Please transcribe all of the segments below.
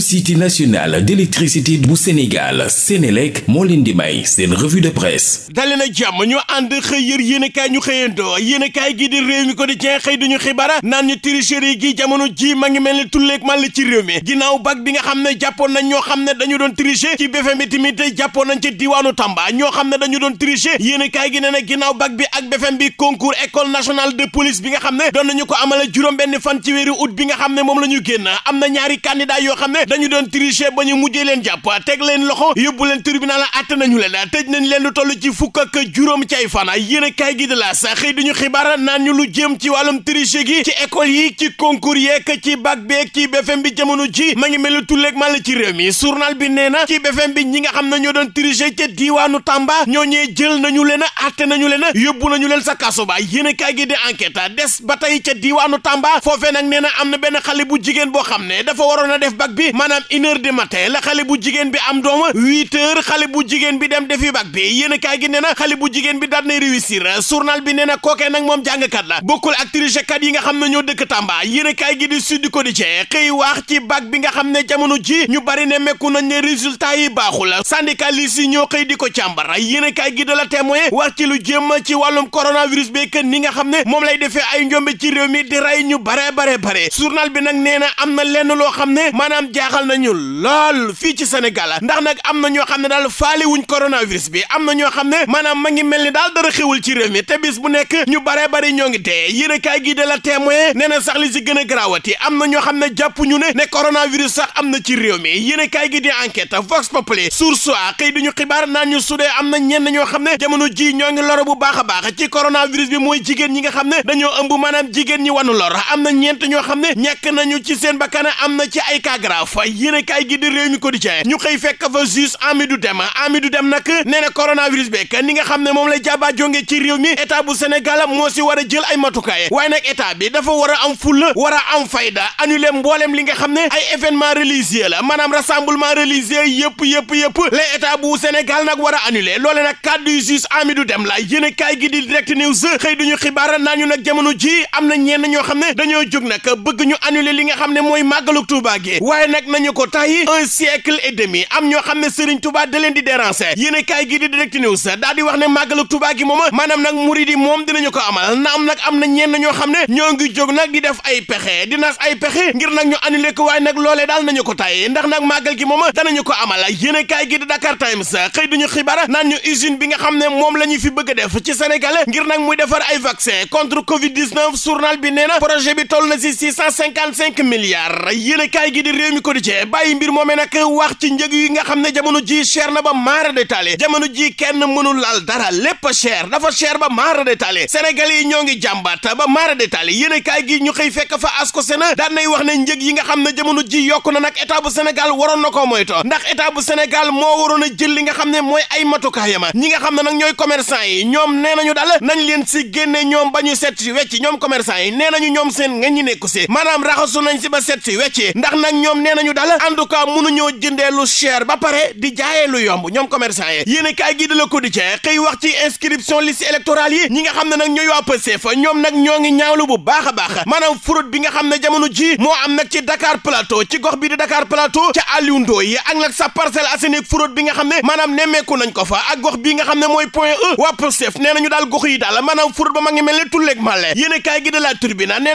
société nationale d'électricité bu Sénégal Sénélec moo leen di may seen revue de presse dali jàmm ñu ànd xëy yër yéenekaay ñu xëyandoo yéenekaay gi di réew mi ko di cee xëy duñu xibaar naan ñu tricherie gi jamono ji ma ngi mel ni tulleeg màll ci réew mi ginnaaw bag bi nga xam ne jàppoon nañ ñoo xam ne dañu doon tricher ci BFM bi tamit jàppoon nañ ci diwaanu Tamba ñoo xam ne dañu doon tricher yéenekaay gi nee na ginnaaw bag bi ak BFM bi nga xam ne doon nañu ko nga xam ne moom la génn am na dañu doon tricher ba ñu mujjee leen jàpp teg leen loxo yóbbu leen tribunal àtte nañu leen tëj nañ leen lu toll ci fukk ak juróom ci ay fan yéen a gi de la sax xëy duñu xibaar naan ñu lu jëm ci wàllum tricher gi ci école yi ci concours yeeg ci bac beeg ci BFM bi jamono ji ma ngi mel ni tulleeg màll ci réew mi journal bi nee na ci BFM bi ñi nga xam ne ñoo doon tricher ca diiwaanu Tamba ñooñee jël nañu leen àtte nañu leen yóbbu nañu leen sa kaso ba gi de enquête des ba tey ca diiwaanu Tamba foofee nag nee na am na benn xale bu jigéen boo xam ne dafa waroon a def bac bi bi maanaam une heure du la xale bu jigéen bi am doom huit heures xale bu jigéen bi dem defi bac bi yéen a kaay gi nee na xale bu jigéen bi daal na réussir journal bi nee na kookee nag moom jàngkat la bokkul ak trichekat yi nga xam ne dëkk Tamba yéen a kaay gi di Sud Quotidien xëy wax ci bac bi nga xam ne jamono ji ñu bari ne mekku nañ ne résultat yi baaxul syndicaliste yi ñoo xëy di ko càmbar yéen a kaay gi da la témoin wax ci lu jëm ci wàllum nga xam ne moom lay defee ay njombe ci réew mi di rey ñu bare bare bi na am na lenn loo xam jaaxal nañu lool fii ci Sénégal ndax nag am na ñoo xam ne daal faale wuñ coronavirus bi am na ñoo xam ne maanaam ma ngi mel ni daal dara xewul ci réew mi te bis bu nekk ñu baree bari ñoo ngi dee yéen a kaay de la témoin nee na sax li si gën a garaawati am na ñoo xam ne jàpp ñu ne ne coronavirus sax am na ci réew mi yéen a kaay gi di enquête Vox Populi su A xëy di ñu xibaar naan ñu sudee am na ñenn ñoo xam ne jamono ji ñoo ngi loro bu baax a baax ci coronavirus bi mooy jigéen ñi nga xam ne dañoo ëmb maanaam jigéen ñi wanu lor am na ñeent ñoo xam ne ñàkk nañu ci seen bakkan am na ci ay cas graaf yéen a kaay gi di réew mi ñu xëy fekk fa juste Amidou Dem Amidou Dem nag nee na coronavirus beeg ni nga xam ne moom la jàbbaa jonge ci réew mi état bu Sénégal moo si war a jël ay matukaay waaye nag état bi dafa war a am fulla war am fayda annulé mbooleem li nga xam ne ay événement religieux la maanaam rassemblement religieux yëpp yëpp yëpp la état bu Sénégal nag wara a annulé loole nag kàddu yu juste Amidou Dem la yéen a kaay gi di direct news xëy duñu xibaar naa ñu nag jamono ji am na ñenn ñoo xam ne dañoo jóg nag bëgg ñu annulé li nga xam ne mooy màggalu Tuubaa nag nañu ko tàyyi un siècle am ñoo xam ne Serigne Touba da leen di déranger yéen a kaay gi di Direct News daal wax ne màggalu Touba gi moom maanaam nag murid yi moom dinañu ko amal naam nag am na ñenn ñoo xam ne ñoo ngi jóg nag di def ay pexe di nas ay pexe ngir nag ñu annulé ko waaye nag loolee daal nañu ko tàyyi ndax nag màggal gi moom danañu ko amal yéen a kaay gi di Dakar Times xëy duñu xibaar naan ñu usine bi nga xam ne moom la ñu fi bëgg a def ci Sénégal ngir nag muy defar ay vaccin contre Covid bi nee na na si six cent cinquante cinq milliards yéen Quotidien bàyyi mbir moomee nag wax ci njëg yi nga xam ne jamono jii cher na ba maara détaillé jamono ji kenn mënul laal dara lépp cher dafa cher ba maara détaillé sénégalais yi ñoo ngi jàmbaat ba maara détaillé yéen a kaay gi ñu xëy fekk fa ko sena daan nay wax ne njëg yi nga xam ne jamono ji yokk na nag état bu Sénégal waroon na ko moyto ndax état Sénégal moo waroon a jël li nga xam ne mooy ay matukaayama ñi nga xam ne nag ñooy commerçant yi ñoom nee nañu daal nañ leen si génne ñoom ba ñu set si wecc ñoom commerçant yi nee nañu ñoom seen nga ñi nekku si maanaam raxasu nañ si ba set si wecc ndax nag nee nañu daal en tout cas mënuñoo jëndee lu cher ba pare di jaayee yomb ñoom commerçant yi yéen i kaay gi di la ko di cee xëy wax ci inscription liste électorale yi ñi nga xam ne nag ñooy waa Pastef ñoom nag ñoo ngi ñaawlu bu baax a baax maanaam fraude bi nga xam ne jamono ji moo am nag ci Dakar Plateau ci gox bi di Dakar Plateau ca Aliou Ndoye ak nag sa Parcelles Assainies fraude bi nga xam ne maanaam nemmeeku nañ ko fa ak gox bi nga xam ne mooy Point E waa Pastef nee ngi de la Tribune nee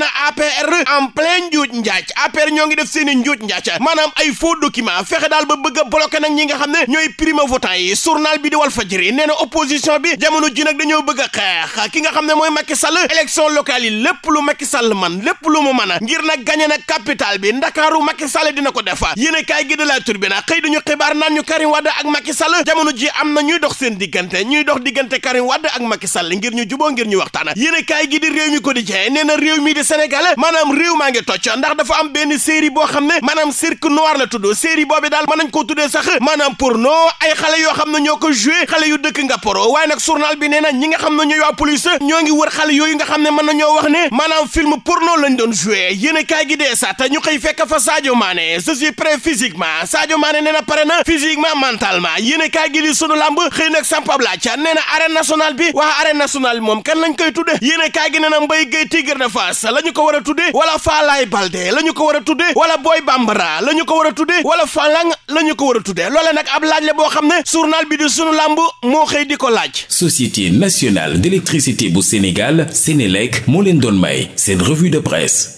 na ca maanaam ay faux document fexe daal ba bëgg a bloqué ñi nga xam ne ñooy primo votant yi journal bi di Walf Fadjri nee na opposition bi jamono ji nag dañoo bëgg a ki nga xam ne mooy Macky Sall élection locale yi lépp lu Macky Sall man lépp lu mu mën a ngir nag gagné nag capital bi Ndakaaru Macky Sall dina ko def yéen a kaay gi de la xëy dañu xibaar naan ñu Karim Wade ak Macky Sall jamono ji am na ñuy dox seen diggante ñuy dox diggante Karim Wade ak Macky Sall ngir ñu juboo ngir ñu waxtaan yéen a gi di réew mi quotidien nee na réew mi di Sénégal maanaam réew maa ngi tocc ndax dafa am benn série boo xam ne maanaam cirque noir la tudd série boobi daal mën nañ koo tuddee sax maanaam porno ay xale yoo xam ne ñoo ko joué xale yu dëkk nga Ngaporo waaye nag journal bi nee na ñi nga xam ne ñooy waa police ñoo ngi wër xale yooyu nga xam ne mën na ñoo wax ne maanaam film porno lañ doon joué yéen a kaay gi dee sa ñu xëy fekk fa Sadio Mané je suis prêt physiquement nee na pare na physiquement mentalement yéen a kaay gi li sunu làmb xëy nag sampabla ca nee na arène nationale bi waa arène moom kan lañ koy tudde yéen a gi nee na Mbaye Gueye Tigre la ñu ko war a tudde wala Falaye Balde la ñu ko war a tudde wala Boy Bambara Fala la ñu ko war a tuddee wala Falang la ñu ko war a tuddee loole nag ab laaj la boo xam ne journal bi di sunu làmb moo xëy di ko laaj. Société nationale d'électricité bu Sénégal Sénélec moo leen doon may seen revue de presse.